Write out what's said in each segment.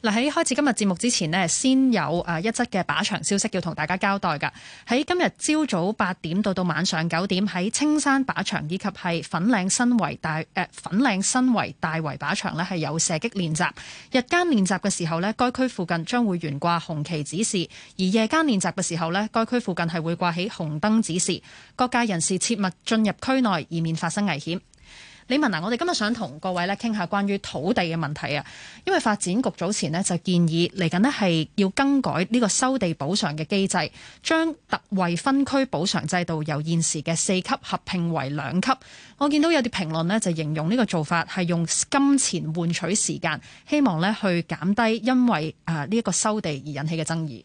嗱，喺開始今日節目之前咧，先有一則嘅靶場消息要同大家交代㗎。喺今日朝早八點到到晚上九點，喺青山靶場以及係粉嶺新圍大、呃、粉嶺新圍大圍靶場咧，係有射擊練習。日間練習嘅時候咧，該區附近將會懸掛紅旗指示；而夜間練習嘅時候咧，該區附近係會掛起紅燈指示。各界人士切勿進入區內，以免發生危險。李文嗱，我哋今日想同各位咧傾下關於土地嘅問題啊，因為發展局早前呢就建議嚟緊呢係要更改呢個收地補償嘅機制，將特惠分區補償制度由現時嘅四級合併為兩級。我見到有啲評論呢就形容呢個做法係用金錢換取時間，希望呢去減低因為啊呢一個收地而引起嘅爭議。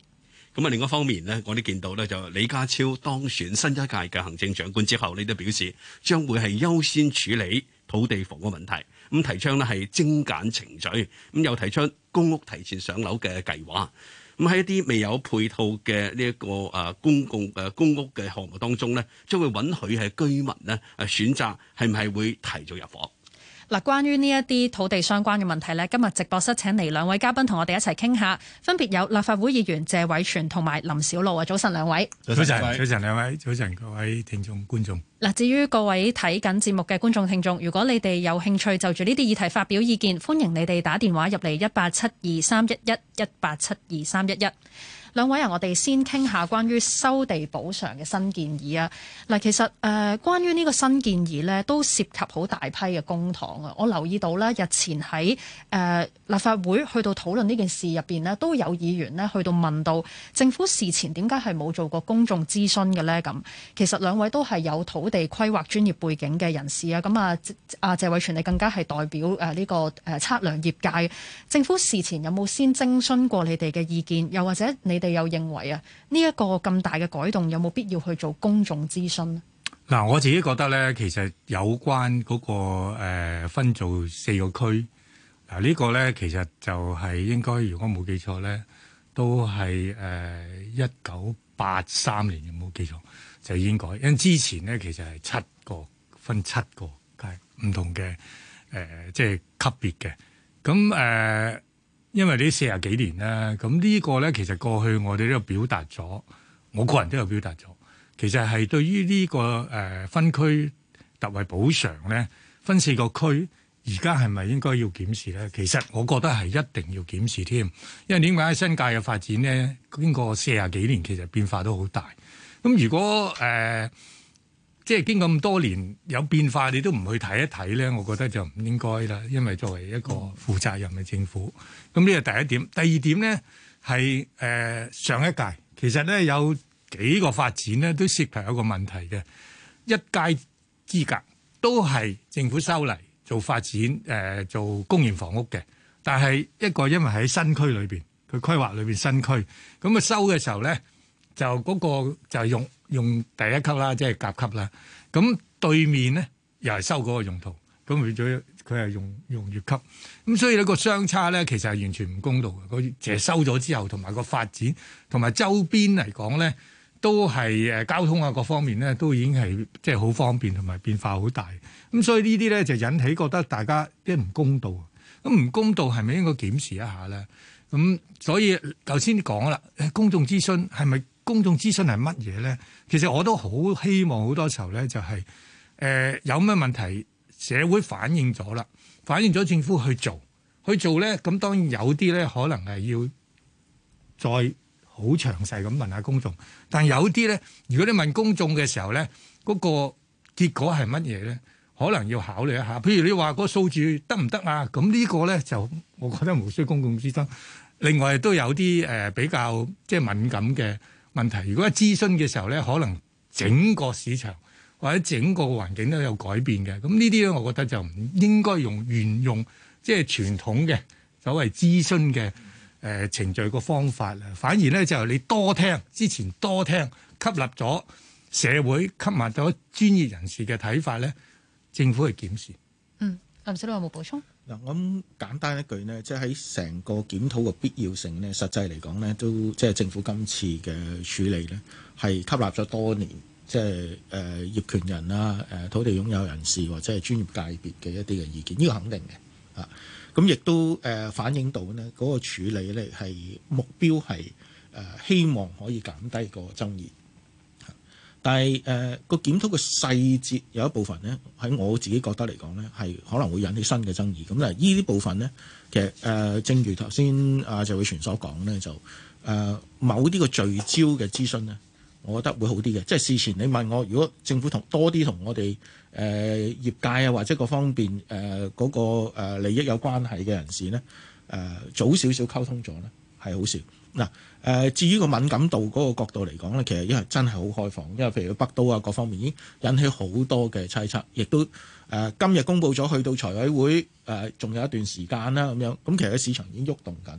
咁啊，另一方面呢我哋見到呢就李家超當選新一屆嘅行政長官之後，你都表示將會係優先處理。土地房屋問題，咁，提倡咧係精簡程序咁，又提倡公屋提前上樓嘅計劃，咁喺一啲未有配套嘅呢一個誒公共誒公屋嘅項目當中咧，將會允許係居民咧誒選擇係唔係會提早入夥。嗱，關於呢一啲土地相關嘅問題咧，今日直播室請嚟兩位嘉賓同我哋一齊傾下，分別有立法會議員謝偉銓同埋林筱魯啊，早晨兩位。早晨，早晨兩位，早晨各位聽眾觀眾。嗱，至於各位睇緊節目嘅觀眾聽眾，如果你哋有興趣就住呢啲議題發表意見，歡迎你哋打電話入嚟一八七二三一一一八七二三一一。兩位啊，我哋先傾下關於收地補償嘅新建議啊。嗱，其實誒、呃，關於呢個新建議呢，都涉及好大批嘅公帑啊。我留意到呢，日前喺、呃、立法會去到討論呢件事入面呢，都有議員呢去到問到政府事前點解係冇做過公眾諮詢嘅呢？咁其實兩位都係有土地規劃專業背景嘅人士啊。咁啊，阿謝偉銓，你更加係代表呢、啊這個誒啊、測量業界，政府事前有冇先徵詢過你哋嘅意見？又或者你？你又認為啊，呢、這、一個咁大嘅改動有冇必要去做公眾諮詢咧？嗱，我自己覺得咧，其實有關嗰、那個、呃、分做四個區，嗱、呃、呢、這個咧其實就係應該，如果冇記錯咧，都係誒一九八三年，有冇記錯就應、是、該，因為之前咧其實係七個分七個係唔同嘅誒，即、呃、係、就是、級別嘅，咁、呃、誒。因為呢四十幾年咧，咁、這、呢個咧其實過去我哋都有表達咗，我個人都有表達咗。其實係對於呢個分區特惠補償咧，分四個區，而家係咪應該要檢視咧？其實我覺得係一定要檢視添，因為點解新界嘅發展咧經過四十幾年，其實變化都好大。咁如果誒，呃即係經過咁多年有變化，你都唔去睇一睇咧，我覺得就唔應該啦。因為作為一個負責任嘅政府，咁呢個第一點。第二點咧係誒上一屆其實咧有幾個發展咧都涉及有一個問題嘅。一屆資格都係政府收嚟做發展誒、呃、做公營房屋嘅，但係一個因為喺新區裏邊佢規劃裏邊新區咁啊收嘅時候咧就嗰、那個就係用。用第一級啦，即係甲級啦。咁對面咧，又係收嗰個用途，咁變咗佢係用用乙級。咁所以呢個相差咧，其實係完全唔公道嘅。佢即係收咗之後，同埋個發展同埋周邊嚟講咧，都係誒交通啊各方面咧，都已經係即係好方便同埋變化好大。咁所以這些呢啲咧就引起覺得大家啲唔公道。咁唔公道係咪應該檢視一下咧？咁所以頭先講啦，公眾諮詢係咪，是公眾諮詢係乜嘢咧？其實我都好希望好多時候咧、就是，就係誒有咩問題，社會反映咗啦，反映咗政府去做，去做咧，咁當然有啲咧，可能係要再好詳細咁問一下公眾。但有啲咧，如果你問公眾嘅時候咧，嗰、那個結果係乜嘢咧？可能要考慮一下。譬如你話嗰個數字得唔得啊？咁呢個咧就，我覺得無需公共諮詢。另外都有啲誒、呃、比較即係敏感嘅。問題如果喺諮詢嘅時候咧，可能整個市場或者整個環境都有改變嘅。咁呢啲咧，我覺得就唔應該用沿用即係傳統嘅所謂諮詢嘅誒、呃、程序個方法啦。反而咧就係你多聽之前，多聽吸，吸納咗社會吸納咗專業人士嘅睇法咧，政府去檢視。嗯，林筱魯有冇補充？嗱，咁簡單一句呢，即係喺成個檢討嘅必要性咧，實際嚟講呢都即係政府今次嘅處理呢係吸納咗多年即係誒業權人啦、誒土地擁有人士或者係專業界別嘅一啲嘅意見，呢個肯定嘅啊。咁亦都誒反映到呢嗰、嗰個處理呢係目標係誒希望可以減低個爭議。但係誒個檢討嘅細節有一部分咧，喺我自己覺得嚟講咧，係可能會引起新嘅爭議。咁呢，呢啲部分咧，其實、呃、正如頭先啊謝偉銓所講咧，就誒、呃、某啲個聚焦嘅諮詢咧，我覺得會好啲嘅。即係事前你問我，如果政府同多啲同我哋誒、呃、業界啊，或者各方面誒嗰、呃那個利益有關係嘅人士咧，誒、呃、早少少溝通咗咧，係好少。嗱，至於個敏感度嗰個角度嚟講咧，其實因為真係好開放，因為譬如北都啊各方面已經引起好多嘅猜測，亦都誒、呃、今日公布咗去到財委會誒，仲、呃、有一段時間啦咁樣，咁其實市場已經喐動緊，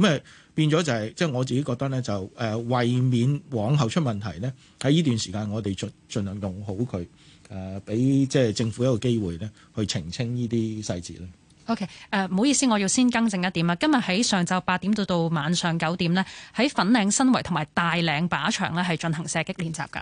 咁誒變咗就係即係我自己覺得咧，就誒、呃、為免往後出問題咧，喺呢段時間我哋盡儘量用好佢誒，俾即係政府一個機會咧，去澄清呢啲細節咧。OK，誒、呃、唔好意思，我要先更正一點啊！今日喺上晝八點到到晚上九點咧，喺粉嶺新圍同埋大嶺靶、靶場咧，係進行射擊練習嘅。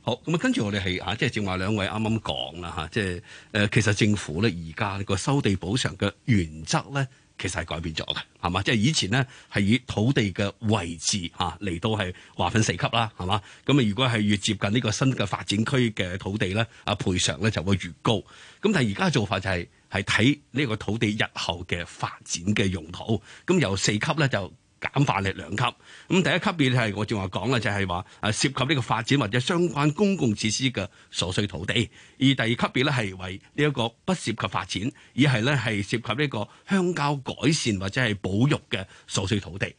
好，咁啊，跟住我哋係啊，即係正話兩位啱啱講啦嚇，即係誒，其實政府咧而家個收地補償嘅原則咧，其實係改變咗嘅，係嘛？即係以前呢係以土地嘅位置嚇嚟到係劃分四級啦，係嘛？咁啊，如果係越接近呢個新嘅發展區嘅土地咧，啊賠償咧就會越高。咁但係而家嘅做法就係、係。係睇呢個土地日後嘅發展嘅用途，咁由四級咧就簡化成兩級。咁第一級別咧係我正話講啦，就係話誒涉及呢個發展或者相關公共設施嘅所需土地；而第二級別咧係為呢一個不涉及發展，而係咧係涉及呢個鄉郊改善或者係保育嘅所需土地。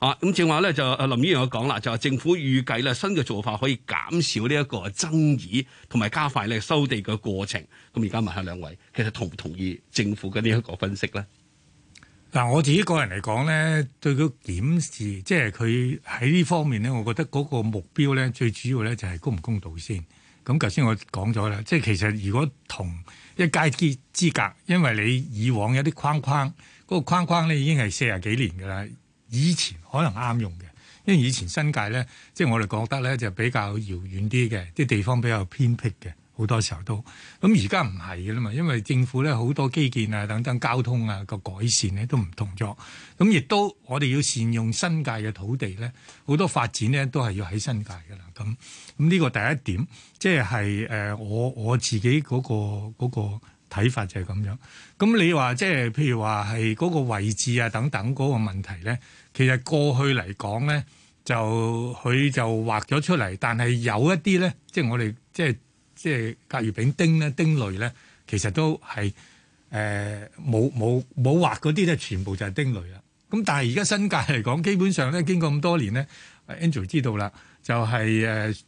啊，咁正話咧就阿林議員有講啦，就話政府預計咧新嘅做法可以減少呢一個爭議，同埋加快咧收地嘅過程。咁而家問下兩位，其實同唔同意政府嘅呢一個分析咧？嗱、啊，我自己個人嚟講咧，對佢檢視，即係佢喺呢方面咧，我覺得嗰個目標咧，最主要咧就係公唔公道先。咁頭先我講咗啦，即係其實如果同一街之隔，因為你以往有啲框框，嗰個框框咧已經係四十幾年噶啦。以前可能啱用嘅，因為以前新界咧，即係我哋覺得咧就比較遙遠啲嘅，啲地方比較偏僻嘅，好多時候都咁，而家唔係嘅啦嘛，因為政府咧好多基建啊等等交通啊個改善咧都唔同咗，咁亦都我哋要善用新界嘅土地咧，好多發展咧都係要喺新界噶啦，咁咁呢個第一點即係誒，我我自己嗰個嗰個睇法就係咁樣。咁你話即係譬如話，係嗰個位置啊等等嗰個問題咧？其實過去嚟講咧，就佢就畫咗出嚟，但係有一啲咧，即係我哋即係即係甲乙丙丁咧，丁類咧，其實都係誒冇冇冇畫嗰啲咧，全部就係丁類啦。咁但係而家新界嚟講，基本上咧經過咁多年咧，Andrew 知道啦，就係誒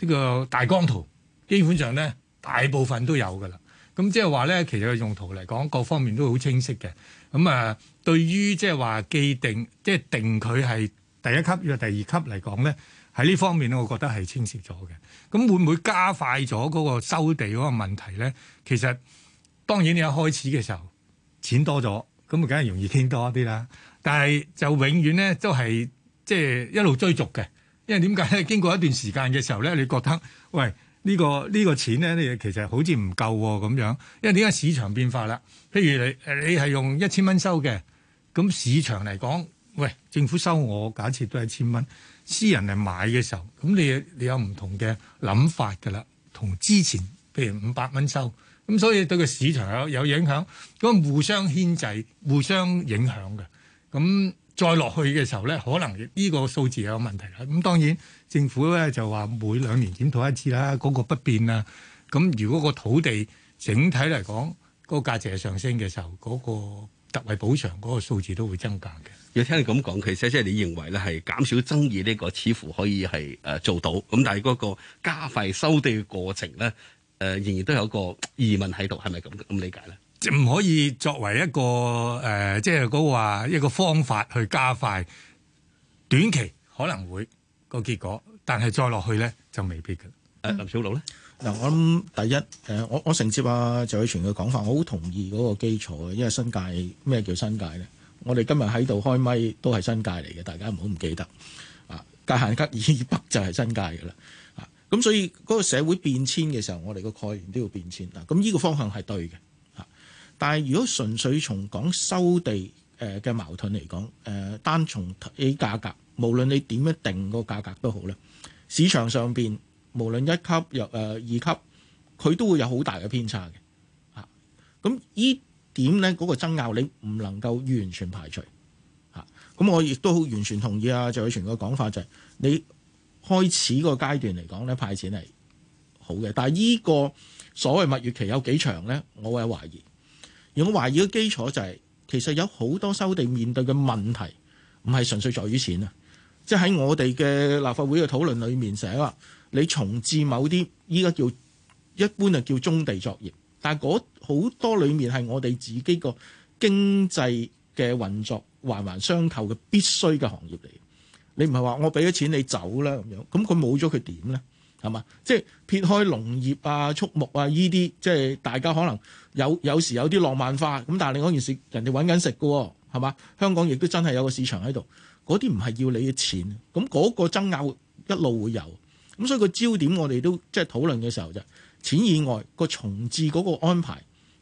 呢個大光圖，基本上咧大部分都有噶啦。咁即係話咧，其實個用途嚟講，各方面都好清晰嘅。咁、嗯、啊，對於即係話既定即係、就是、定佢係第一級或第二級嚟講咧，喺呢方面咧，我覺得係清晰咗嘅。咁會唔會加快咗嗰個收地嗰個問題咧？其實當然你一開始嘅時候錢多咗，咁梗係容易傾多啲啦。但係就永遠咧都係即係一路追逐嘅，因為點解咧？經過一段時間嘅時候咧，你覺得喂。呢個呢個錢咧，你其實好似唔夠喎咁樣，因為點解市場變化啦？譬如你誒，你係用一千蚊收嘅，咁市場嚟講，喂，政府收我，假設都係一千蚊，私人嚟買嘅時候，咁你你有唔同嘅諗法噶啦，同之前譬如五百蚊收，咁所以對個市場有有影響，咁互相牽制、互相影響嘅，咁。再落去嘅時候咧，可能呢個數字有問題啦。咁當然政府咧就話每兩年檢討一次啦，嗰個不變啊。咁如果個土地整體嚟講，嗰個價值係上升嘅時候，嗰個特惠補償嗰個數字都會增加嘅。要聽你咁講，其實即係你認為咧係減少爭議呢個，似乎可以係誒做到。咁但係嗰個加快收地嘅過程咧，誒、呃、仍然都有個疑問喺度，係咪咁咁理解咧？唔可以作為一個誒，即係嗰個話一個方法去加快短期可能會個結果，但係再落去咧就未必嘅。誒、啊，林小璐咧，嗱、嗯，我諗第一誒，我我承接阿謝偉銓嘅講法，我好同意嗰個基礎嘅，因為新界咩叫新界咧？我哋今日喺度開咪都係新界嚟嘅，大家唔好唔記得啊！界限街以北就係新界嘅啦，啊，咁、啊、所以嗰個社會變遷嘅時候，我哋個概念都要變遷啊！咁呢個方向係對嘅。但係，如果純粹從講收地誒嘅矛盾嚟講，誒單從起價格，無論你點樣定個價格都好咧，市場上邊無論一級又誒二級，佢都會有好大嘅偏差嘅嚇。咁依點咧嗰個爭拗，你唔能夠完全排除嚇。咁我亦都好完全同意啊，謝偉銓嘅講法就係你開始個階段嚟講咧派錢係好嘅，但係依個所謂蜜月期有幾長咧，我會有懷疑。而我懷疑嘅基礎就係、是，其實有好多收地面對嘅問題，唔係純粹在於錢啊！即喺我哋嘅立法會嘅討論裏面寫話，你重置某啲依家叫一般就叫棕地作業，但係嗰好多裏面係我哋自己個經濟嘅運作環環相扣嘅必須嘅行業嚟。你唔係話我俾咗錢你走啦咁樣，咁佢冇咗佢點咧？係嘛？即係撇開農業啊、畜牧啊依啲，即係大家可能有有時有啲浪漫化咁，但係你另件事，人哋揾緊食喎，係嘛？香港亦都真係有個市場喺度，嗰啲唔係要你嘅錢。咁、那、嗰個爭拗一路會有咁，所以個焦點我哋都即係討論嘅時候就錢以外個重置嗰個安排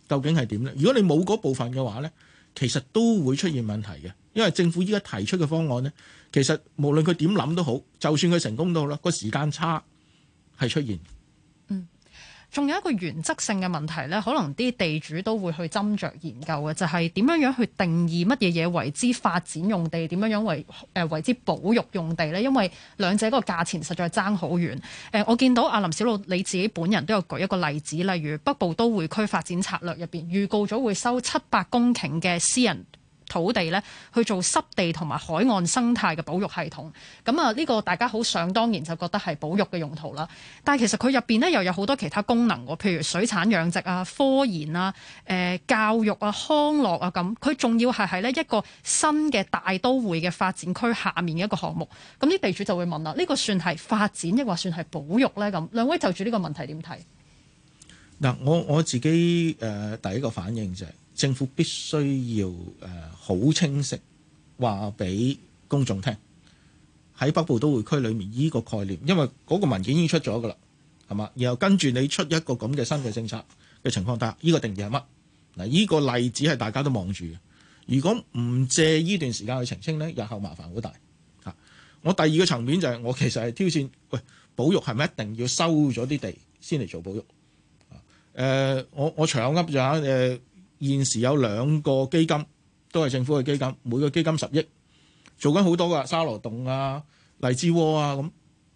究竟係點咧？如果你冇嗰部分嘅話咧，其實都會出現問題嘅，因為政府依家提出嘅方案咧，其實無論佢點諗都好，就算佢成功都好啦，嗰個時間差。係出現，嗯，仲有一個原則性嘅問題呢，可能啲地主都會去斟酌研究嘅，就係點樣樣去定義乜嘢嘢為之發展用地，點樣樣為誒、呃、為之保育用地呢？因為兩者嗰個價錢實在爭好遠。誒、呃，我見到阿林筱魯你自己本人都有舉一個例子，例如北部都會區發展策略入邊預告咗會收七百公頃嘅私人。土地咧去做濕地同埋海岸生態嘅保育系統，咁啊呢個大家好想當然就覺得係保育嘅用途啦。但係其實佢入邊咧又有好多其他功能喎，譬如水產養殖啊、科研啊、誒、呃、教育啊、康樂啊咁。佢仲要係係呢一個新嘅大都會嘅發展區下面嘅一個項目。咁啲地主就會問啦：呢、這個算係發展，抑或算係保育咧？咁兩位就住呢個問題點睇？嗱，我我自己誒、呃、第一個反應就係、是。政府必須要誒好清晰話俾公眾聽，喺北部都會區裏面呢個概念，因為嗰個文件已經出咗噶啦，係嘛？然後跟住你出一個咁嘅新嘅政策嘅情況底下，呢個定義係乜嗱？呢個例子係大家都望住嘅。如果唔借呢段時間去澄清咧，日後麻煩好大嚇。我第二個層面就係我其實係挑戰喂保育係咪一定要收咗啲地先嚟做保育？誒，我我長噏咗誒。呃現時有兩個基金都係政府嘅基金，每個基金十億，做緊好多㗎，沙羅洞啊、荔枝窩啊咁，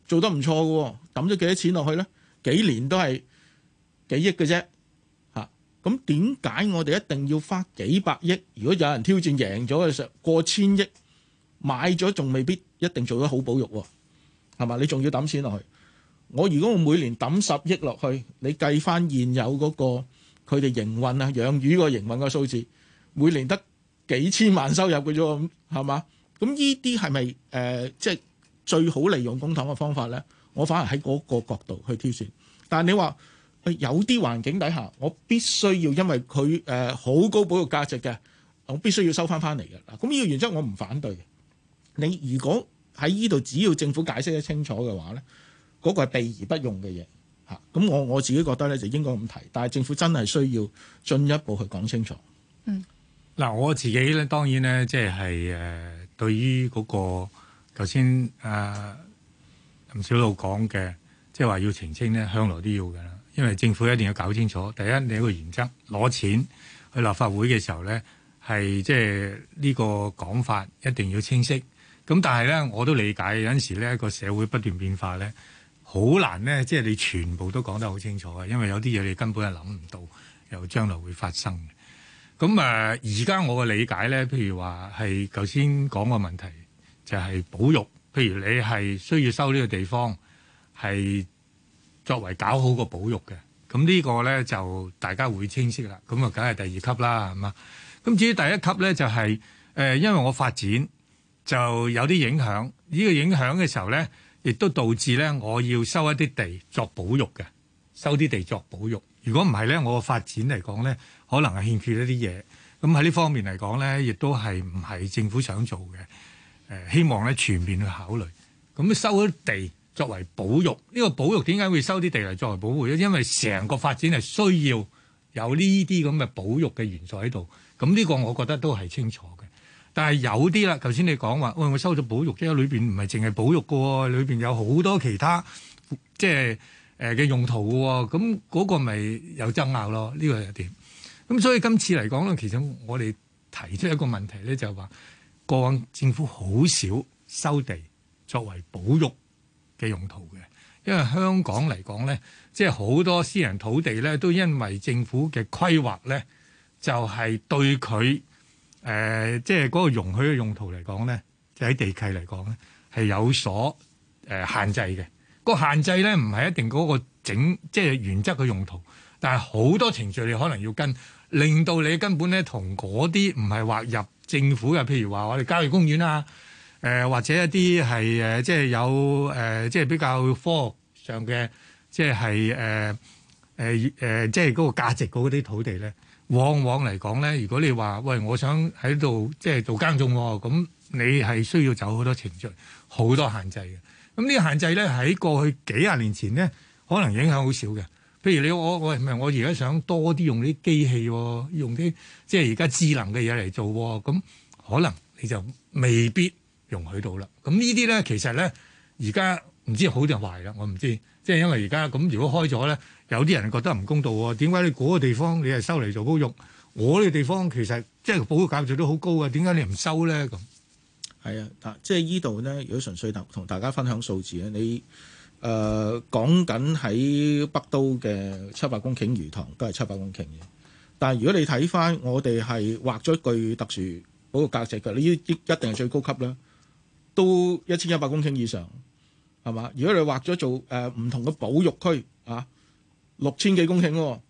做得唔錯嘅，揼咗幾多錢落去咧？幾年都係幾億嘅啫，嚇！咁點解我哋一定要花幾百億？如果有人挑戰贏咗嘅時候過千億買咗，仲未必一定做咗好保育，啊，係嘛？你仲要揼錢落去？我如果我每年揼十億落去，你計翻現有嗰個。佢哋營運啊，養魚個營運個數字，每年得幾千萬收入嘅啫，咁係嘛？咁呢啲係咪誒，即係最好利用公帑嘅方法咧？我反而喺嗰個角度去挑選。但你話、呃、有啲環境底下，我必須要因為佢好、呃、高保育價值嘅，我必須要收翻翻嚟嘅。嗱，咁呢個原則我唔反對嘅。你如果喺依度只要政府解釋得清楚嘅話咧，嗰、嗰個係避而不用嘅嘢。吓！咁我我自己覺得咧，就應該咁提。但係政府真係需要進一步去講清楚。嗯，嗱，我自己咧，當然咧，即係誒，對於嗰個頭先林筱魯講嘅，即係話要澄清呢，向來都要嘅啦。因為政府一定要搞清楚。第一，你有一個原則攞錢去立法會嘅時候咧，係即係呢個講法一定要清晰。咁但係咧，我都理解有陣時咧，個社會不斷變化咧。好難咧，即係你全部都講得好清楚啊！因為有啲嘢你根本係諗唔到，又將來會發生嘅。咁誒，而家我嘅理解咧，譬如話係頭先講個問題，就係保育。譬如你係需要收呢個地方，係作為搞好個保育嘅。咁呢個咧就大家會清晰啦。咁啊，梗係第二級啦，係嘛？咁至於第一級咧，就係誒，因為我發展就有啲影響。呢個影響嘅時候咧。亦都導致咧，我要收一啲地作保育嘅，收啲地作保育。如果唔係咧，我嘅發展嚟講咧，可能係欠缺一啲嘢。咁喺呢方面嚟講咧，亦都係唔係政府想做嘅？誒，希望咧全面去考慮。咁收啲地作為保育，呢個保育點解會收啲地嚟作為保護咧？因為成個發展係需要有呢啲咁嘅保育嘅元素喺度。咁呢個我覺得都係清楚。但係有啲啦，頭先你講話，喂、哎，我收咗保育，即係裏面唔係淨係保育嘅喎，裏面有好多其他即係嘅、呃、用途喎，咁嗰個咪有爭拗咯，呢、這個係一點？咁所以今次嚟講咧，其實我哋提出一個問題咧、就是，就話過往政府好少收地作為保育嘅用途嘅，因為香港嚟講咧，即係好多私人土地咧都因為政府嘅規劃咧，就係對佢。誒、呃，即係嗰個容許嘅用途嚟講咧，就喺地契嚟講咧，係有所誒、呃、限制嘅。個限制咧，唔係一定嗰個整即係原則嘅用途，但係好多程序你可能要跟，令到你根本咧同嗰啲唔係劃入政府嘅，譬如話我哋郊野公園啊，誒、呃、或者一啲係誒即係有誒、呃、即係比較科學上嘅，即係係誒誒誒即係嗰個價值嗰啲土地咧。往往嚟講咧，如果你話喂，我想喺度即係做耕種，咁你係需要走好多程序，好多限制嘅。咁呢個限制咧喺過去幾廿年前咧，可能影響好少嘅。譬如你我喂，唔係我而家想多啲用啲機器、哦，用啲即係而家智能嘅嘢嚟做、哦，咁可能你就未必容許到啦。咁呢啲咧，其實咧，而家唔知好定壞啦。我唔知，即係因為而家咁，如果開咗咧。有啲人覺得唔公道喎，點解你嗰個地方你係收嚟做保育，我呢個地方其實即係保育價值都好高啊。點解你唔收咧？咁係啊，即係依度咧，如果純粹同大家分享數字咧，你誒、呃、講緊喺北都嘅七百公頃魚塘都係七百公頃嘅，但如果你睇翻我哋係畫咗一具特殊保育價值嘅，你一定係最高級啦，都一千一百公頃以上係嘛？如果你畫咗做呃、唔同嘅保育區啊？六千幾公頃喎，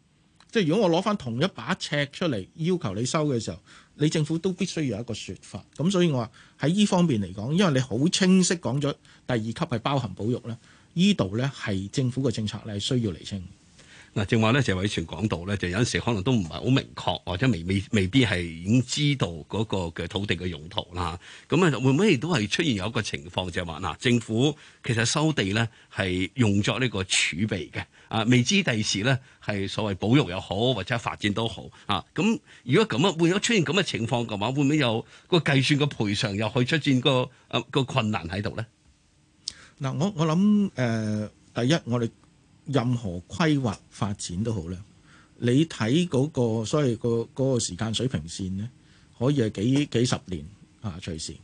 即係如果我攞翻同一把尺出嚟要求你收嘅時候，你政府都必須要有一個說法。咁所以我話喺依方面嚟講，因為你好清晰講咗第二級係包含保育咧，呢度咧係政府嘅政策咧，需要釐清。嗱，正話咧，謝偉銓講到咧，就有陣時可能都唔係好明確，或者未未未必係已經知道嗰個嘅土地嘅用途啦。咁啊，會唔會亦都係出現有一個情況，就係話嗱，政府其實收地咧係用作呢個儲備嘅，啊，未知第時咧係所謂保育又好，或者發展都好啊。咁如果咁樣，會唔會出現咁嘅情況嘅話，會唔會有個計算嘅賠償又可以出現、嗰個、啊嗰個困難喺度咧？嗱，我我諗誒、呃，第一我哋。任何規劃發展都好啦。你睇嗰、嗰個，所謂個嗰個時間水平線呢，可以係幾幾十年啊？隨時、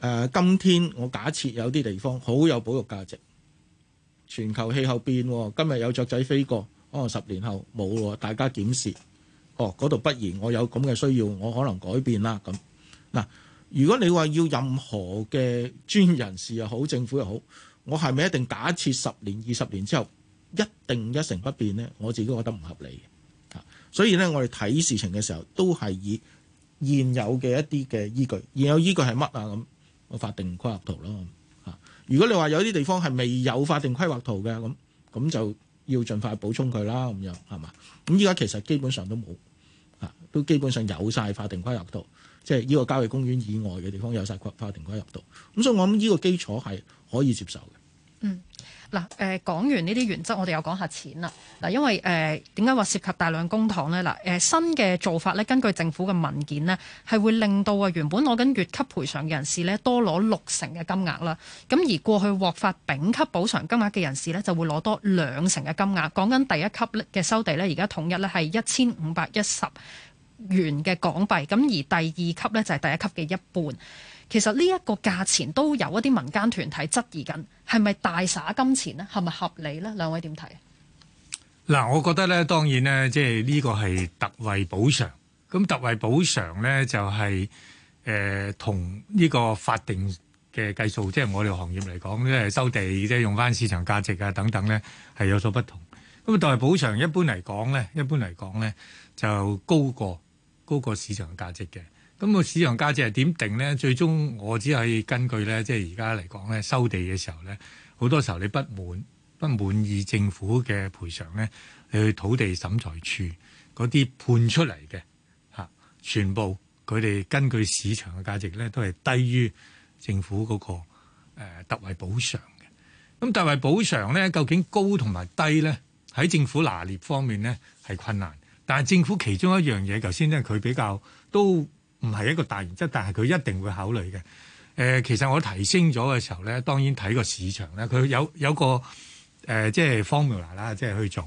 啊、今天我假設有啲地方好有保育價值，全球氣候變，哦、今日有雀仔飛過，可、哦、能十年後冇，大家檢視哦。嗰度不然，我有咁嘅需要，我可能改變啦。咁嗱、啊，如果你話要任何嘅專業人士又好，政府又好，我係咪一定假設十年、二十年之後？一定一成不變呢，我自己覺得唔合理嘅嚇。所以呢，我哋睇事情嘅時候，都係以現有嘅一啲嘅依據，現有依據係乜啊？咁個法定規劃圖咯嚇。如果你話有啲地方係未有法定規劃圖嘅咁，咁就要盡快補充佢啦。咁樣係嘛？咁依家其實基本上都冇嚇，都基本上有晒法定規劃圖，即係呢個郊野公園以外嘅地方有晒規法定規劃圖。咁所以我諗呢個基礎係可以接受嘅。嗱，誒講完呢啲原則，我哋又講下錢啦。嗱，因為誒點解話涉及大量公帑呢？嗱，誒新嘅做法咧，根據政府嘅文件咧，係會令到啊原本攞緊乙級賠償嘅人士咧多攞六成嘅金額啦。咁而過去獲發丙級補償金額嘅人士咧，就會攞多兩成嘅金額。講緊第一級嘅收地咧，而家統一咧係一千五百一十元嘅港幣。咁而第二級呢，就係第一級嘅一半。其實呢一個價錢都有一啲民間團體質疑緊，係咪大灑金錢咧？係咪合理呢？兩位點睇？嗱，我覺得呢，當然呢，即係呢個係特惠補償。咁特惠補償呢，就係、是、誒、呃、同呢個法定嘅計數，即係我哋行業嚟講，即係收地即係用翻市場價值啊等等呢，係有所不同。咁特惠補償一般嚟講呢，一般嚟講呢，就高過高過市場價值嘅。咁個市場價值係點定呢？最終我只可以根據咧，即係而家嚟講咧，收地嘅時候咧，好多時候你不滿不滿意政府嘅賠償咧，你去土地審裁處嗰啲判出嚟嘅嚇，全部佢哋根據市場嘅價值咧，都係低於政府嗰、那個特惠補償嘅。咁特惠補償咧，究竟高同埋低咧，喺政府拿捏方面咧係困難。但係政府其中一樣嘢，頭先咧佢比較都。唔係一個大原則，但係佢一定會考慮嘅、呃。其實我提升咗嘅時候咧，當然睇個市場咧，佢有有個誒、呃，即係 formula 啦，即係去做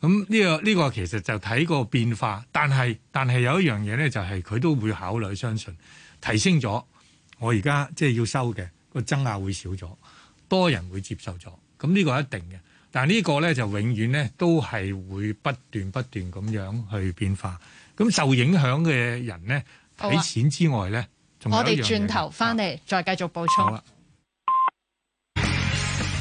咁呢、嗯這個呢、這個其實就睇個變化。但係但係有一樣嘢咧，就係佢都會考慮，相信提升咗，我而家即係要收嘅個增壓會少咗，多人會接受咗，咁、嗯、呢、這個一定嘅。但係呢個咧就永遠咧都係會不斷不斷咁樣去變化。咁、嗯、受影響嘅人咧。俾錢之外呢，我哋轉頭翻嚟，再繼續補充。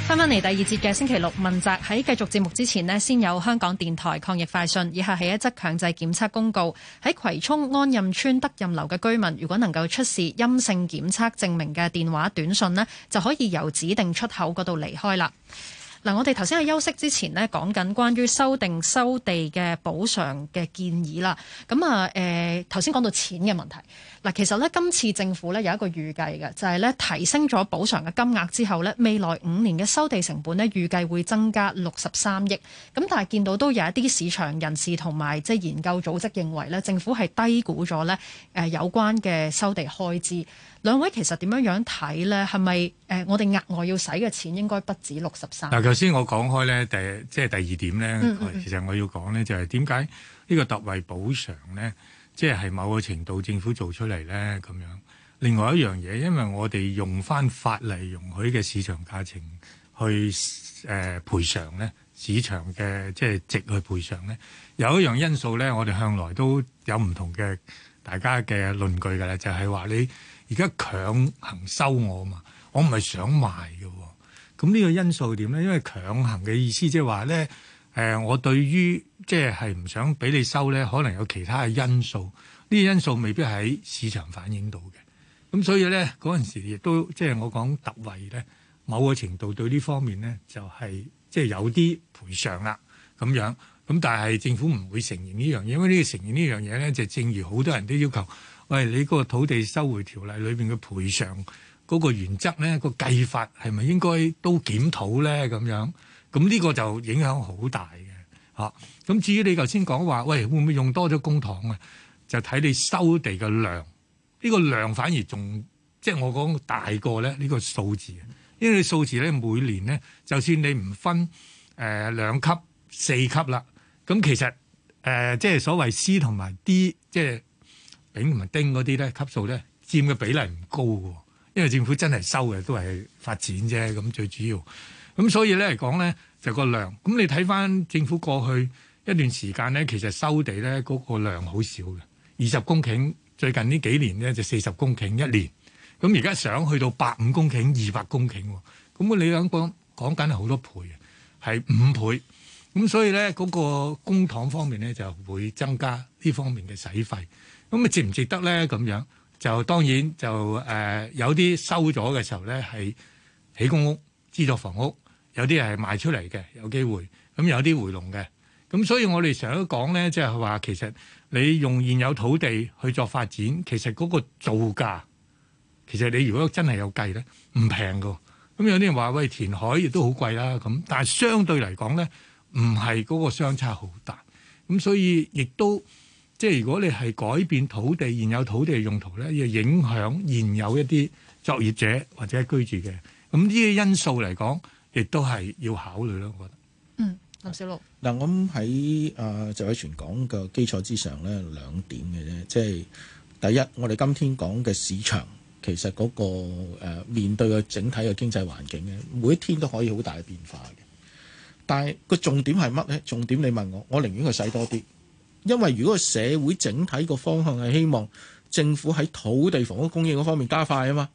翻返嚟第二節嘅星期六問責。喺繼續節目之前呢，先有香港電台抗疫快訊。以下係一則強制檢測公告：喺葵涌安蔭邨德蔭樓嘅居民，如果能夠出示陰性檢測證明嘅電話短信呢，就可以由指定出口嗰度離開啦。嗱，我哋頭先喺休息之前呢，講緊關於修訂收地嘅補償嘅建議啦。咁啊，誒頭先講到錢嘅問題。嗱，其實呢，今次政府呢有一個預計嘅，就係呢提升咗補償嘅金額之後呢，未來五年嘅收地成本呢預計會增加六十三億。咁但係見到都有一啲市場人士同埋即係研究組織認為呢，政府係低估咗呢誒有關嘅收地開支。兩位其實點樣樣睇咧？係咪誒？我哋額外要使嘅錢應該不止六十三？嗱，頭先我講開咧，第即係第二點咧， 其實我要講咧，就係點解呢個特惠補償咧，即、就、係、是、某個程度政府做出嚟咧咁樣。另外一樣嘢，因為我哋用翻法例容許嘅市場價錢去誒、呃、賠償咧，市場嘅即係值去賠償咧，有一樣因素咧，我哋向來都有唔同嘅大家嘅論據㗎啦，就係、是、話你。而家強行收我嘛？我唔係想賣嘅。咁呢個因素點咧？因為強行嘅意思即係話咧，誒，我對於即係係唔想俾你收咧，可能有其他嘅因素。呢個因素未必喺市場反映到嘅。咁所以咧，嗰陣時亦都即係我講特惠咧，某個程度對呢方面咧就係即係有啲賠償啦咁樣。咁但係政府唔會承認呢樣嘢，因為呢個承認呢樣嘢咧就正如好多人都要求。喂，你個土地收回條例裏面嘅賠償嗰個原則咧，個計法係咪應該都檢討咧？咁樣咁呢個就影響好大嘅嚇。咁至於你頭先講話，喂會唔會用多咗公帑啊？就睇你收地嘅量，呢個量反而仲即係我講大個咧呢個數字，因為你數字咧每年咧，就算你唔分誒、呃、兩級四級啦，咁其實即係、呃即係、所謂 C 同埋 D 即係。丙同埋丁嗰啲咧級數咧佔嘅比例唔高嘅、哦，因為政府真係收嘅都係發展啫。咁最主要咁，所以咧嚟講咧就是、個量咁。你睇翻政府過去一段時間咧，其實收地咧嗰個量好少嘅，二十公頃。最近呢幾年咧就四、是、十公頃一年，咁而家上去到百五公頃、二百公頃、哦，咁你講講講緊係好多倍嘅，係五倍咁，所以咧嗰個公帑方面咧就會增加呢方面嘅使費。咁啊，值唔值得咧？咁樣就當然就、呃、有啲收咗嘅時候咧，係起公屋資助房屋，有啲係賣出嚟嘅，有機會咁有啲回籠嘅。咁所以我哋成日都講咧，即係話其實你用現有土地去作發展，其實嗰個造價，其實你如果真係有計咧，唔平嘅。咁有啲人話喂填海亦都好貴啦，咁但係相對嚟講咧，唔係嗰個相差好大。咁所以亦都。即係如果你係改變土地現有土地嘅用途咧，要影響現有一啲作業者或者居住嘅，咁呢啲因素嚟講，亦都係要考慮咯。我覺得，嗯，林筱魯。嗱、嗯，我諗喺阿謝偉銓講嘅基礎之上咧，兩點嘅啫。即係第一，我哋今天講嘅市場，其實嗰、那個、呃、面對嘅整體嘅經濟環境咧，每一天都可以好大嘅變化嘅。但係個重點係乜咧？重點你問我，我寧願佢使多啲。因為如果社會整體個方向係希望政府喺土地房屋供應嗰方面加快啊嘛，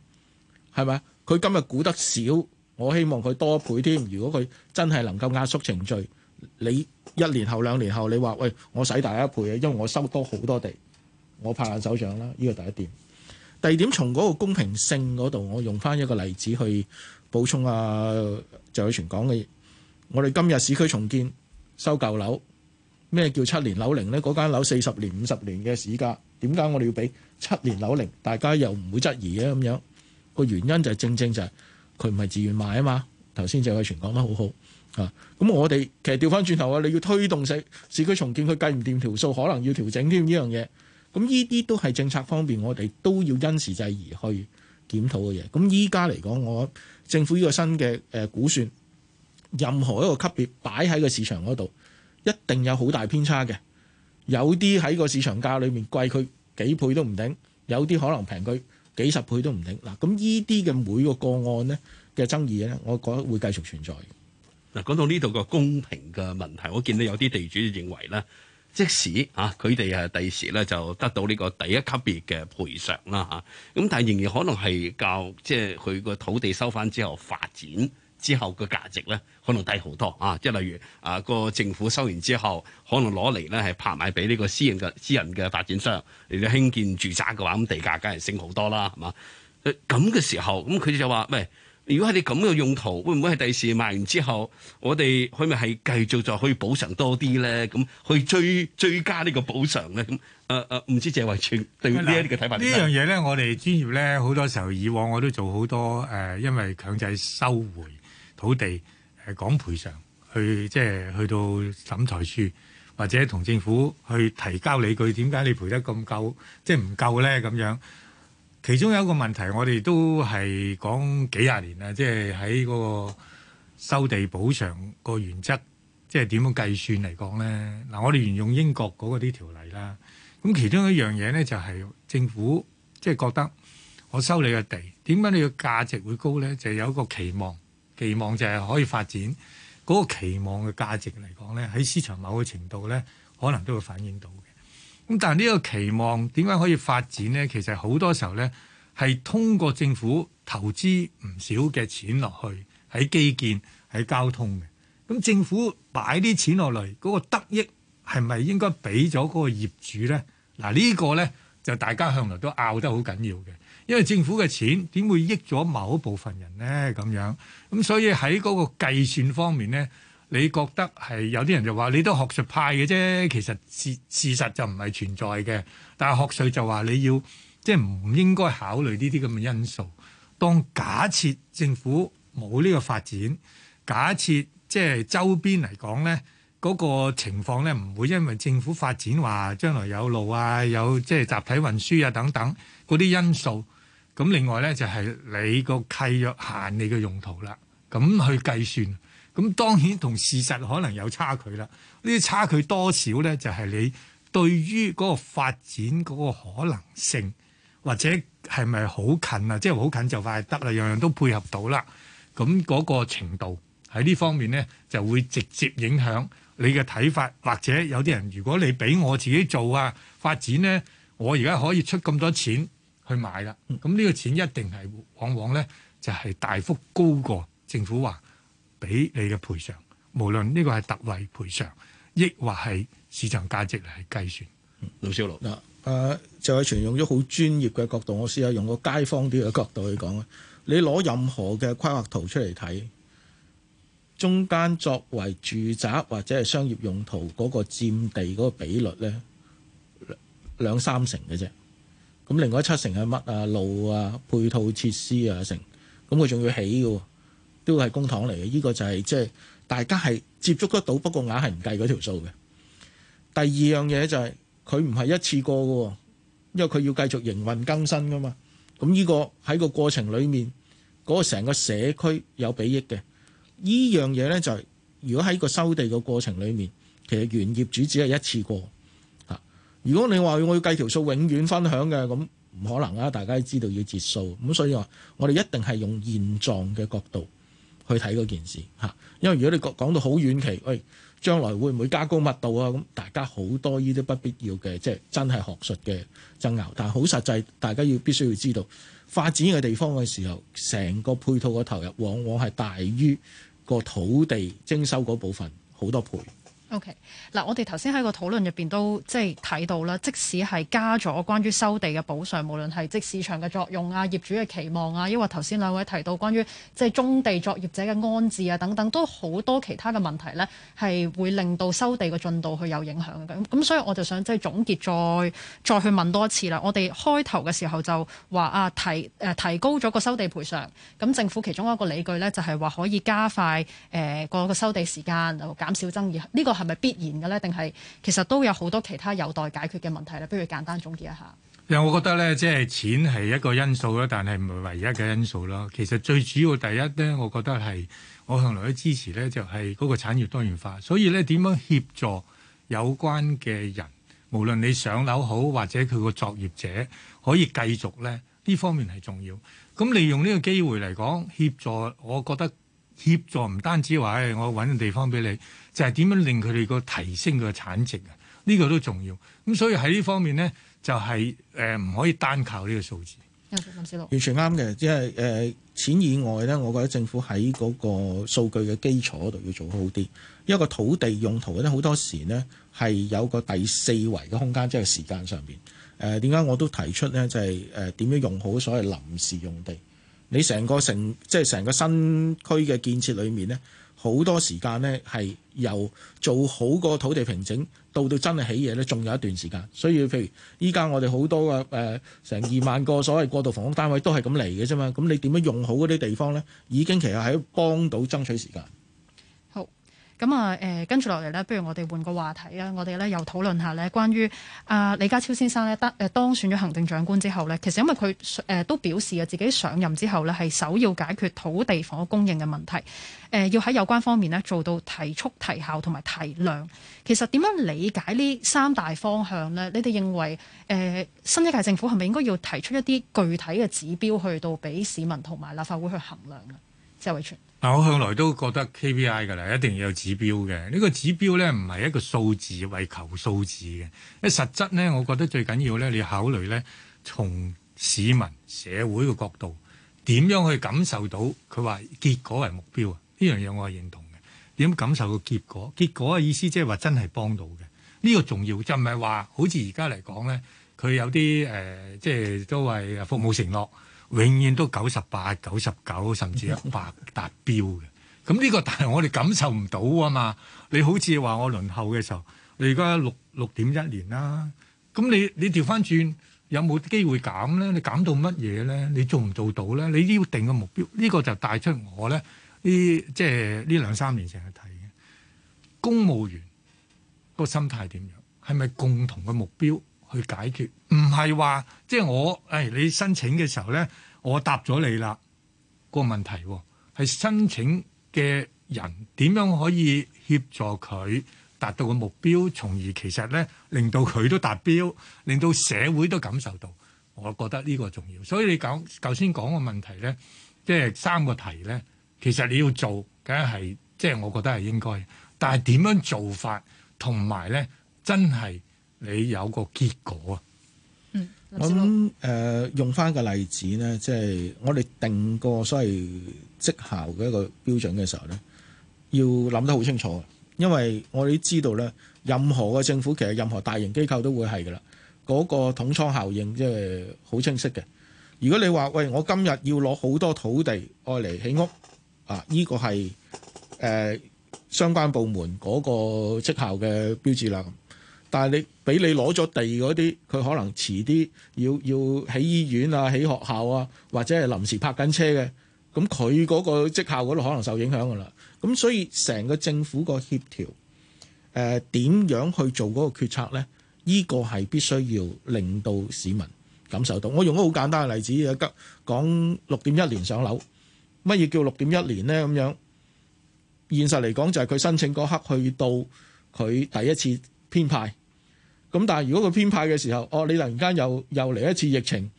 係咪？佢今日估得少，我希望佢多一倍添。如果佢真係能夠壓縮程序，你一年後，兩年後你話喂，我使大一倍啊，因為我收多好多地，我拍爛手掌啦。呢個第一點。第二點從嗰個公平性嗰度，我用翻一個例子去補充啊，就佢全港嘅。我哋今日市區重建收舊樓。咩叫七年樓齡呢？嗰間樓四十年，年、五十年嘅市價，點解我哋要俾七年樓齡？大家又唔會質疑嘅咁樣。個原因就係、正正就係佢唔係自願賣啊嘛。頭先謝偉銓講得好好咁、啊、我哋其實調翻轉頭啊，你要推動曬市區重建，佢計唔掂條數，可能要調整添呢樣嘢。咁呢啲都係政策方面，我哋都要因時制宜去檢討嘅嘢。咁依家嚟講，我政府呢個新嘅、呃、估算，任何一個級別擺喺個市場嗰度。一定有好大偏差嘅，有啲喺個市場價裏面貴佢幾倍都唔頂，有啲可能平佢幾十倍都唔頂。嗱，咁呢啲嘅每個個案咧嘅爭議咧，我覺得會繼續存在。嗱，講到呢度個公平嘅問題，我見到有啲地主認為咧，即使啊佢哋啊第時咧就得到呢個第一級別嘅賠償啦吓，咁但係仍然可能係較即係佢個土地收翻之後發展。之後嘅價值咧，可能低好多啊！即係例如啊，個政府收完之後，可能攞嚟咧係拍賣俾呢個私人嘅私人嘅發展商嚟到興建住宅嘅話，咁地價梗係升好多啦，係嘛？咁嘅時候，咁佢就話，喂，如果係你咁嘅用途，會唔會係第時賣完之後，我哋可唔可以係繼續再可以補償多啲咧？咁去追追加呢個補償咧？咁誒誒，唔、啊、知謝偉銓對於呢一啲嘅睇法呢樣嘢咧，我哋專業咧好多時候，以往我都做好多誒、呃，因為強制收回。土地誒講賠償去，即係去到審裁處，或者同政府去提交理據，點解你賠得咁夠，即係唔夠呢？咁樣其中有一個問題，我哋都係講幾廿年啦，即係喺嗰個收地補償個原則，即係點樣計算嚟講呢？嗱，我哋沿用英國嗰個啲條例啦。咁其中一樣嘢呢，就係政府即係覺得我收你嘅地，點解你嘅價值會高呢？就有一個期望。期望就係可以發展嗰、那個期望嘅價值嚟講咧，喺市場某個程度咧，可能都會反映到嘅。咁但係呢個期望點解可以發展咧？其實好多時候咧係通過政府投資唔少嘅錢落去，喺基建、喺交通嘅。咁政府擺啲錢落嚟嗰個得益係咪應該俾咗嗰個業主咧？嗱、這個、呢個咧。就大家向來都拗得好緊要嘅，因為政府嘅錢點會益咗某一部分人咧？咁樣咁，所以喺嗰個計算方面咧，你覺得係有啲人就話你都學術派嘅啫，其實事事實就唔係存在嘅。但係學術就話你要即係唔應該考慮呢啲咁嘅因素。當假設政府冇呢個發展，假設即係周邊嚟講咧。嗰個情況咧唔會因為政府發展話將來有路啊，有即係集體運輸啊等等嗰啲因素。咁另外咧就係你個契約限你嘅用途啦，咁去計算。咁當然同事實可能有差距啦。呢啲差距多少咧，就係你對於嗰個發展嗰個可能性，或者係咪好近啊？即係好近就快得啦，樣樣都配合到啦。咁嗰個程度喺呢方面咧就會直接影響。你嘅睇法，或者有啲人，如果你俾我自己做啊發展咧，我而家可以出咁多錢去買啦。咁呢個錢一定係往往咧就係、是、大幅高過政府話俾你嘅賠償，無論呢個係特惠賠償，抑或係市場價值嚟計算。老、嗯、筱魯嗱，誒謝偉銓用咗好專業嘅角度，我試下用個街坊啲嘅角度去講啊。你攞任何嘅規劃圖出嚟睇。中間作為住宅或者係商業用途嗰個佔地嗰個比率，咧兩兩三成嘅啫，咁另外七成係乜啊？路啊配套設施啊成，咁佢仲要起嘅，都係公帑嚟嘅。呢個就係即係大家係接觸得到，不過硬係唔計嗰條數嘅。第二樣嘢就係佢唔係一次過嘅，因為佢要繼續營運更新啊嘛。咁呢個喺個過程裡面，嗰個成個社區有裨益嘅。依樣嘢咧，就係如果喺個收地個過程裏面，其實原業主只係一次過。如果你話我要計條數，永遠分享嘅咁唔可能啊！大家知道要折數咁，所以我哋一定係用現狀嘅角度去睇嗰件事。因為如果你講到好遠期，喂，將來會唔會加高密度啊？咁大家好多呢啲不必要嘅，即係真係學術嘅爭拗。但係好實際，大家要必須要知道發展嘅地方嘅時候，成個配套嘅投入往往係大於。個土地徵收嗰部分好多倍。OK，嗱，我哋頭先喺個討論入邊都即係睇到啦，即使係加咗關於收地嘅補償，無論係即市場嘅作用啊、業主嘅期望啊，抑或頭先兩位提到關於即棕地作業者嘅安置啊等等，都好多其他嘅問題呢係會令到收地嘅進度去有影響嘅。咁所以我就想即係總結再再去問多一次啦。我哋開頭嘅時候就話啊，提、呃、提高咗個收地賠償，咁政府其中一個理據呢，就係、係、話可以加快誒、呃、個、個收地時間，減少爭議。呢、呢個係咪必然嘅呢？定係其實都有好多其他有待解決嘅問題呢？不如簡單總結一下。其實我覺得呢，即係錢係一個因素啦，但係唔係唯一嘅因素啦。其實最主要第一呢，我覺得係我向來都支持呢，就係嗰個產業多元化。所以呢，點樣協助有關嘅人，無論你上樓好或者佢個作業者可以繼續呢？呢方面係重要。咁利用呢個機會嚟講協助，我覺得協助唔單止話，我揾個地方俾你。就係、是、點樣令佢哋個提升個產值啊？呢、這個都重要。咁所以喺呢方面呢，就係誒唔可以單靠呢個數字。完全啱嘅，因為誒錢以外呢，我覺得政府喺嗰個數據嘅基礎嗰度要做好啲。一為個土地用途咧，好多時呢，係有個第四維嘅空間，即、就、係、是、時間上邊。誒點解我都提出呢？就係誒點樣用好所謂臨時用地？你成個城，即係成個新區嘅建設裏面呢。好多時間呢，係由做好個土地平整到到真係起嘢呢，仲有一段時間。所以譬如依家我哋好多個誒、呃、成二萬個所謂過渡房屋單位都係咁嚟嘅啫嘛。咁你點樣用好嗰啲地方呢？已經其實係幫到爭取時間。咁啊，跟住落嚟咧，不如我哋換個話題啊！我哋咧又討論下咧，關於啊、呃、李家超先生咧，得誒當選咗行政長官之後咧，其實因為佢、呃、都表示啊，自己上任之後咧，係首要解決土地房屋供應嘅問題，呃、要喺有關方面咧做到提速提效同埋提量。其實點樣理解呢三大方向咧？你哋認為誒、呃、新一屆政府係咪應該要提出一啲具體嘅指標去到俾市民同埋立法會去衡量？嗱，我向來都覺得 KPI 嘅啦，一定要有指標嘅。呢個指標咧，唔係一個數字為求數字嘅。誒實質咧，我覺得最緊要咧，你考慮咧，從市民社會嘅角度，點樣去感受到佢話結果為目標啊？呢樣嘢我係認同嘅。點感受個結果？結果嘅意思即係話真係幫到嘅。呢個重要就唔係話好似而家嚟講咧，佢有啲誒、呃，即係都係服務承諾。永遠都九十八、九十九，甚至一百達標嘅。咁呢個但係我哋感受唔到啊嘛！你好似話我輪候嘅時候，你而家六六點一年啦。咁你你調翻轉有冇機會減咧？你減到乜嘢咧？你做唔做到咧？你要定個目標，呢個就帶出我咧呢即係呢兩三年成日睇嘅公務員個心態點樣？係咪共同嘅目標？去解決，唔係話即係我誒、哎、你申請嘅時候咧，我答咗你啦、個問題喎、哦，係申請嘅人點樣可以協助佢達到個目標，從而其實咧令到佢都達標，令到社會都感受到，我覺得呢個重要。所以你講頭先講個問題咧，即、就、係、是、三個題咧，其實你要做梗係即係我覺得係應該，但係點樣做法同埋咧真係。你有個結果啊？嗯，我諗、呃、用翻個例子呢，即係我哋定個所謂績效嘅一個標準嘅時候呢，要諗得好清楚。因為我哋知道呢，任何嘅政府其實任何大型機構都會係㗎啦，嗰個統倉效應即係好清晰嘅。如果你話喂，我今日要攞好多土地愛嚟起屋啊，呢個係、呃、相關部門嗰個績效嘅標誌啦。但係你俾你攞咗地嗰啲，佢可能遲啲要要起醫院啊、起學校啊，或者係臨時泊緊車嘅，咁佢嗰個績效嗰度可能受影響噶啦。咁所以成個政府個協調，誒、呃、點樣去做嗰個決策咧？呢、呢個係必須要令到市民感受到。我用咗好簡單嘅例子，講六點一年上樓，乜嘢叫六點一年咧？咁樣現實嚟講就係佢申請嗰刻去到佢第一次編派。咁但係如果佢編派嘅時候，哦，你突然間又又嚟一次疫情，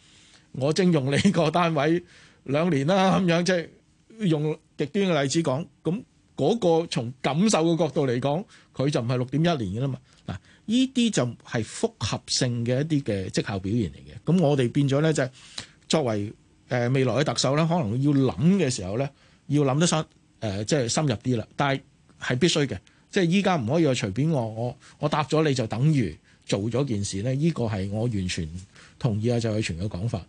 我正用你個單位兩年啦咁樣，即係用極端嘅例子講，咁、嗯、嗰、嗰個從感受嘅角度嚟講，佢就唔係六點一年嘅啦嘛。嗱，呢啲就係複合性嘅一啲嘅績效表現嚟嘅。咁我哋變咗咧就係、是、作為、呃、未來嘅特首咧，可能要諗嘅時候咧，要諗得深即係、呃就是、深入啲啦。但係係必須嘅，即係依家唔可以話隨便我我我答咗你就等於。做咗件事呢，呢，呢個係我完全同意啊，就偉銓嘅講法。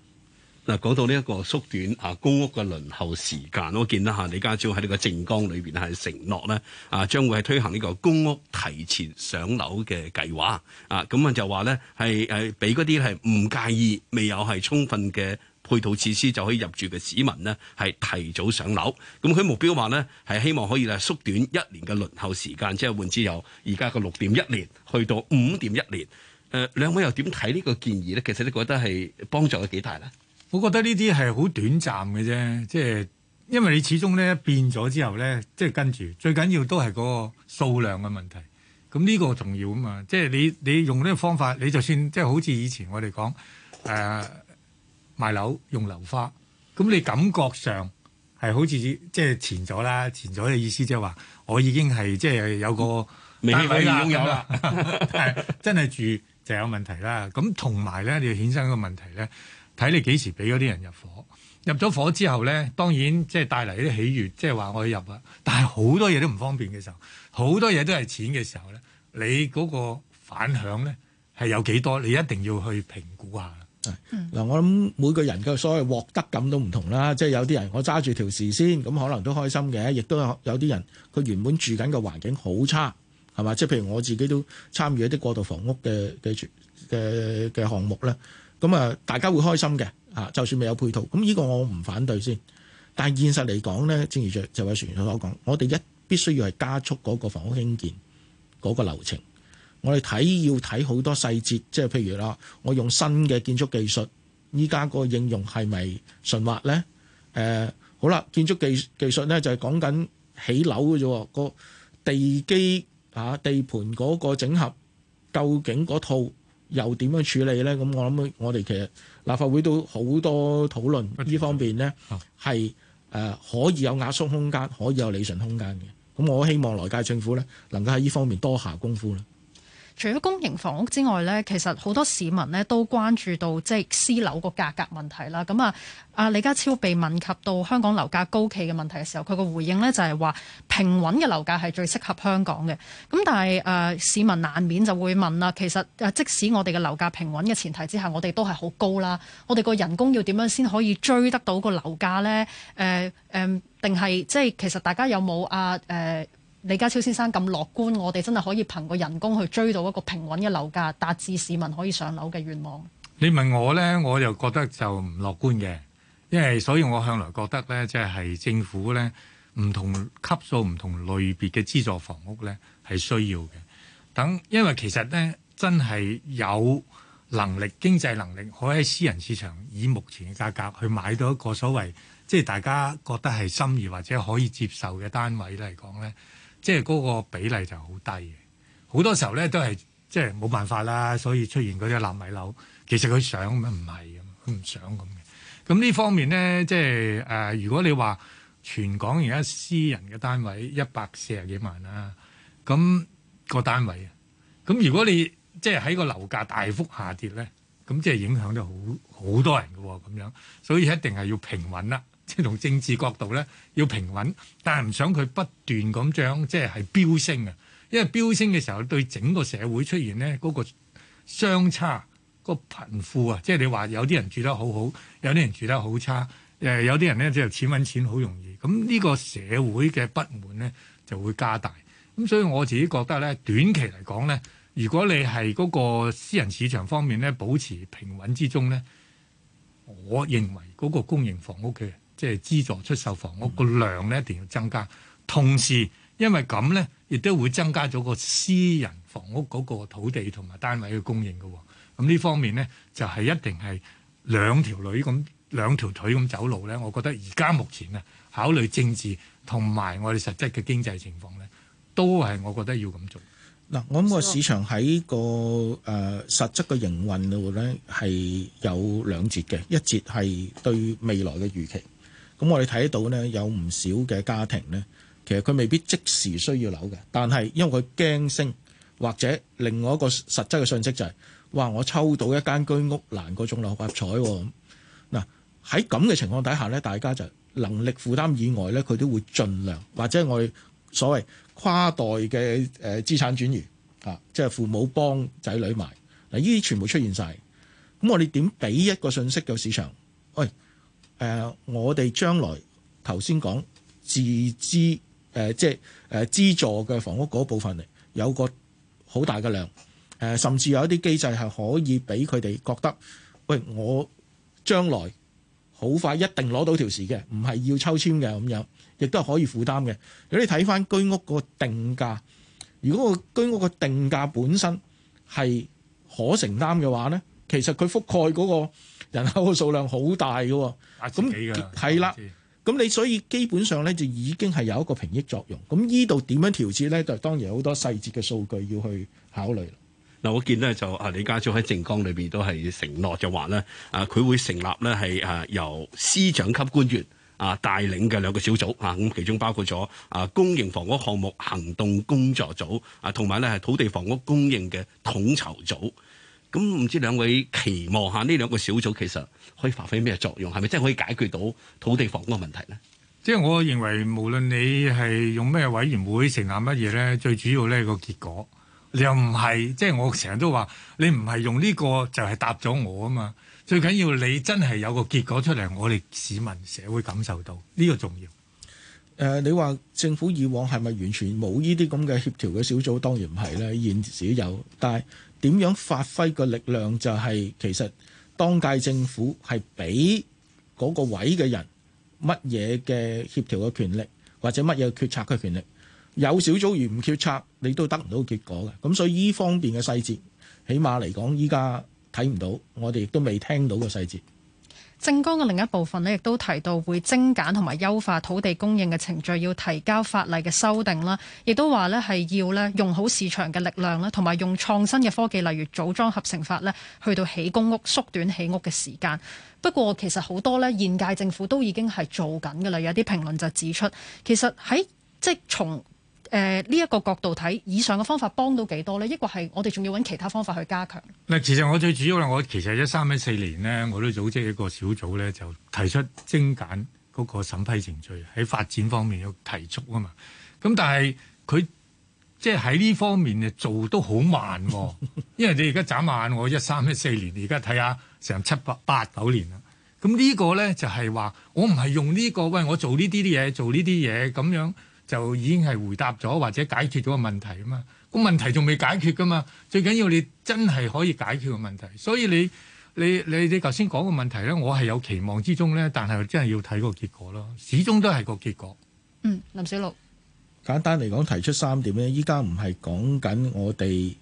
嗱，講到呢一個縮短啊公屋嘅輪候時間，我見到吓李家超喺呢個政綱裏邊係承諾呢，啊，將會係推行呢個公屋提前上樓嘅計劃啊。咁啊就話呢，係誒俾嗰啲係唔介意未有係充分嘅。配套設施就可以入住嘅市民呢，係提早上樓。咁佢目標話呢，係希望可以咧縮短一年嘅輪候時間，即係換之由而家嘅六點一年去到五點一年。誒、呃，兩位又點睇呢個建議呢？其實你覺得係幫助咗幾大呢？我覺得呢啲係好短暫嘅啫，即係因為你始終呢變咗之後呢，即係跟住最緊要都係嗰個數量嘅問題。咁呢個重要啊嘛，即係你你用呢個方法，你就算即係好似以前我哋講誒。呃買樓用樓花，咁你感覺上係好似即係前咗啦，前咗嘅意思即係話，我已經係即係有個未擁有啦，了真係住就有問題啦。咁同埋咧，你要衍生一個問題咧，睇你幾時俾嗰啲人入伙。入咗伙之後咧，當然即係帶嚟啲喜悅，即係話我去入啦。但係好多嘢都唔方便嘅時候，好多嘢都係錢嘅時候咧，你嗰個反響咧係有幾多？你一定要去評估一下。嗱、嗯，我諗每個人嘅所謂獲得感都唔同啦，即係有啲人我揸住條匙先，咁可能都開心嘅，亦都有有啲人佢原本住緊嘅環境好差，係嘛？即係譬如我自己都參與一啲過渡房屋嘅嘅住嘅嘅項目咧，咁啊，大家會開心嘅啊，就算未有配套，咁呢個我唔反對先。但係現實嚟講咧，正如就位船長所講，我哋一必須要係加速嗰個房屋興建嗰個流程。我哋睇要睇好多細節，即係譬如啦，我用新嘅建築技術，依家個應用係咪順滑咧，呃？好啦，建築技術技術咧就係、是、講緊起樓嘅啫。個地基啊，地盤嗰個整合究竟嗰套又點樣處理咧？咁我諗我哋其實立法會都好多討論呢、嗯、方面咧，係、嗯、可以有壓縮空間，可以有理順空間嘅。咁我希望來屆政府咧能夠喺呢方面多下功夫啦。除咗公營房屋之外呢，其實好多市民呢都關注到即係私樓個價格問題啦。咁啊，阿李家超被問及到香港樓價高企嘅問題嘅時候，佢個回應呢就係話平穩嘅樓價係最適合香港嘅。咁但係誒、呃、市民難免就會問啦，其實即使我哋嘅樓價平穩嘅前提之下，我哋都係好高啦。我哋個人工要點樣先可以追得到個樓價呢？誒、呃、誒，定係即係其實大家有冇啊誒？呃李家超先生咁樂觀，我哋真係可以憑個人工去追到一個平穩嘅樓價，達至市民可以上樓嘅願望。你問我咧，我又覺得就唔樂觀嘅，因為所以我向來覺得咧，即係政府咧唔同級數唔同類別嘅資助房屋咧係需要嘅。等因為其實咧真係有能力、經濟能力可以喺私人市場以目前嘅價格去買到一個所謂即係大家覺得係心儀或者可以接受嘅單位嚟講咧。即係嗰個比例就好低嘅，好多時候咧都係即係冇辦法啦，所以出現嗰啲納米樓，其實佢想唔係咁佢唔想咁嘅。咁呢方面咧，即係呃，如果你話全港而家私人嘅單位一百四十幾萬啦，咁個單位啊，咁如果你即係喺個樓價大幅下跌咧，咁即係影響到好好多人嘅喎，咁樣，所以一定係要平穩啦。即同政治角度咧，要平穩，但係唔想佢不斷咁將即係係飆升啊。因為飆升嘅時候，對整個社會出現咧嗰、嗰個相差，嗰個貧富啊，即係你話有啲人住得好好，有啲人住得好差，誒有啲人咧即係、錢揾錢好容易，咁呢個社會嘅不滿咧就會加大。咁所以我自己覺得咧，短期嚟講咧，如果你係嗰個私人市場方面咧保持平穩之中咧，我認為嗰個公營房屋嘅。即係資助出售房屋個量咧，一定要增加。同時，因為咁咧，亦都會增加咗個私人房屋嗰個土地同埋單位嘅供應嘅、哦。咁呢方面咧，就係、是、一定係兩條女咁、兩條腿咁走路咧。我覺得而家目前啊，考慮政治同埋我哋實質嘅經濟情況咧，都係我覺得要咁做嗱。我諗個市場喺、嗰個誒、呃、實質嘅營運度咧係有兩節嘅，一節係對未來嘅預期。咁我哋睇到呢，有唔少嘅家庭呢，其實佢未必即時需要樓嘅，但係因為佢驚升，或者另外一個實質嘅信息就係、是：，哇！我抽到一間居屋難過中六合彩喎、哦、咁。嗱喺咁嘅情況底下呢，大家就能力負擔以外呢，佢都會盡量或者我哋所謂跨代嘅資產轉移，啊、即係父母幫仔女買嗱，呢啲全部出現晒。咁我哋點俾一個信息個市場？喂、哎！誒、呃，我哋將來頭先講自資、呃、即係誒資助嘅房屋嗰部分嚟，有個好大嘅量。誒、呃，甚至有一啲機制係可以俾佢哋覺得，喂，我將來好快一定攞到條匙嘅，唔係要抽籤嘅咁樣，亦都係可以負擔嘅。如果你睇翻居屋個定價，如果個居屋個定價本身係可承擔嘅話咧，其實佢覆蓋嗰、那個。人口嘅數量好大嘅，咁係啦，咁你所以基本上咧就已經係有一個平抑作用。咁呢度點樣調節咧？就當然好多細節嘅數據要去考慮。嗱、啊，我見呢，就啊李家超喺政綱裏邊都係承諾就話咧啊，佢會成立咧係啊由司長級官員啊帶領嘅兩個小組啊，咁其中包括咗啊公營房屋項目行動工作組啊，同埋咧係土地房屋供應嘅統籌組。咁唔知兩位期望下呢兩個小組其實可以發揮咩作用，係咪真係可以解決到土地房屋嘅問題咧？即係我認為無論你係用咩委員會成立乜嘢咧，最主要咧個結果，你又唔係即係我成日都話你唔係用呢個就係答咗我啊嘛。最緊要你真係有個結果出嚟，我哋市民社會感受到呢個，重要。誒、呃。你話政府以往係咪完全冇呢啲咁嘅協調嘅小組？當然唔係啦，現時有，但係。點樣發揮個力量就係其實當屆政府係俾嗰個位嘅人乜嘢嘅協調嘅權力，或者乜嘢決策嘅權力？有小組而唔決策，你都得唔到結果嘅。咁所以呢方面嘅細節，起碼嚟講依家睇唔到，我哋亦都未聽到個細節。政綱嘅另一部分呢，亦都提到會精簡同埋優化土地供應嘅程序，要提交法例嘅修訂啦，亦都話呢，係要呢用好市場嘅力量啦，同埋用創新嘅科技，例如組裝合成法呢，去到起公屋縮短起屋嘅時間。不過其實好多呢，現屆政府都已經係做緊嘅啦，有啲評論就指出，其實喺即從。誒呢一個角度睇，以上嘅方法幫到幾多咧？抑或係我哋仲要揾其他方法去加強？嗱，其實我最主要咧，我其實一三一四年呢，我都組織了一個小組咧，就提出精簡嗰個審批程序喺發展方面要提速啊嘛。咁、嗯、但係佢即係喺呢方面嘅做都好慢，哦， 因為你而家眨眼，我一三一四年，而家睇下成七百八九年啦。咁、嗯這個、呢個咧就係、是、話，我唔係用呢、這個，喂，我做呢啲啲嘢，做呢啲嘢咁樣。就已經係回答咗或者解決咗個問題啊嘛，個問題仲未解決㗎嘛，最緊要你真係可以解決個問題。所以你你你你頭先講個問題咧，我係有期望之中咧，但係真係要睇個結果咯，始終都係個結果。嗯，林筱魯，簡單嚟講，提出三點咧，依家唔係講緊我哋誒、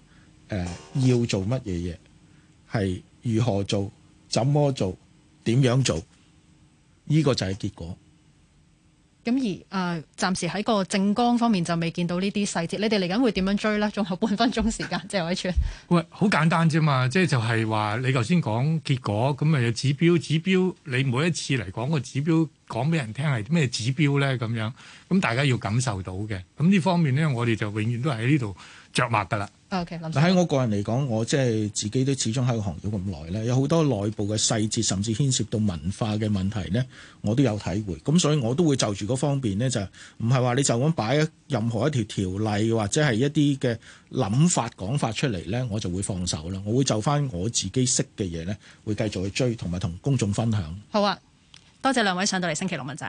呃、要做乜嘢嘢，係如何做、怎麼做、點樣做，呢、這個就係結果。咁而誒、呃，暫時喺個政綱方面就未見到呢啲細節。你哋嚟緊會點樣追咧？仲有半分鐘時間，謝偉銓。喂，好簡單啫嘛，即係就係、是、話你頭先講結果，咁咪有指標，指標。你每一次嚟講個指標，講俾人聽係咩指標咧？咁樣，咁大家要感受到嘅。咁呢方面咧，我哋就永遠都喺呢度着墨噶啦。喺、okay，但喺我個人嚟講，我即係自己都始終喺個行業咁耐咧，有好多內部嘅細節，甚至牽涉到文化嘅問題呢，我都有體會。咁所以我都會就住嗰方面呢，就唔係話你就咁擺任何一條條例或者係一啲嘅諗法講法出嚟呢，我就會放手啦。我會就翻我自己識嘅嘢呢，會繼續去追同埋同公眾分享。好啊，多謝兩位上到嚟星期六問責。